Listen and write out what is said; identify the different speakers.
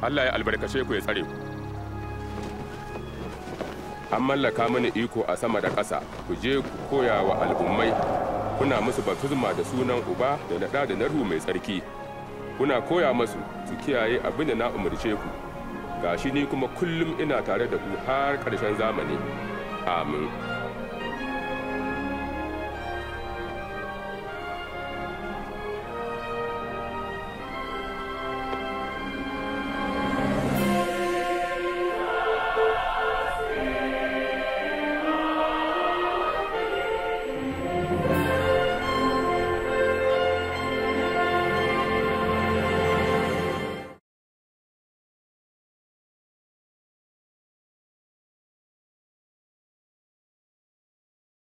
Speaker 1: Allah ya albarkace ku ya tsare ku. An mallaka mini iko a sama da ƙasa, ku je ku koya wa al'ummai, kuna musu baptisma da sunan uba da na da narhu mai tsarki. Kuna koya masu su kiyaye abin da na umarce ku, ga shi ni kuma kullum ina tare da ku har ƙarshen zamani. Amin.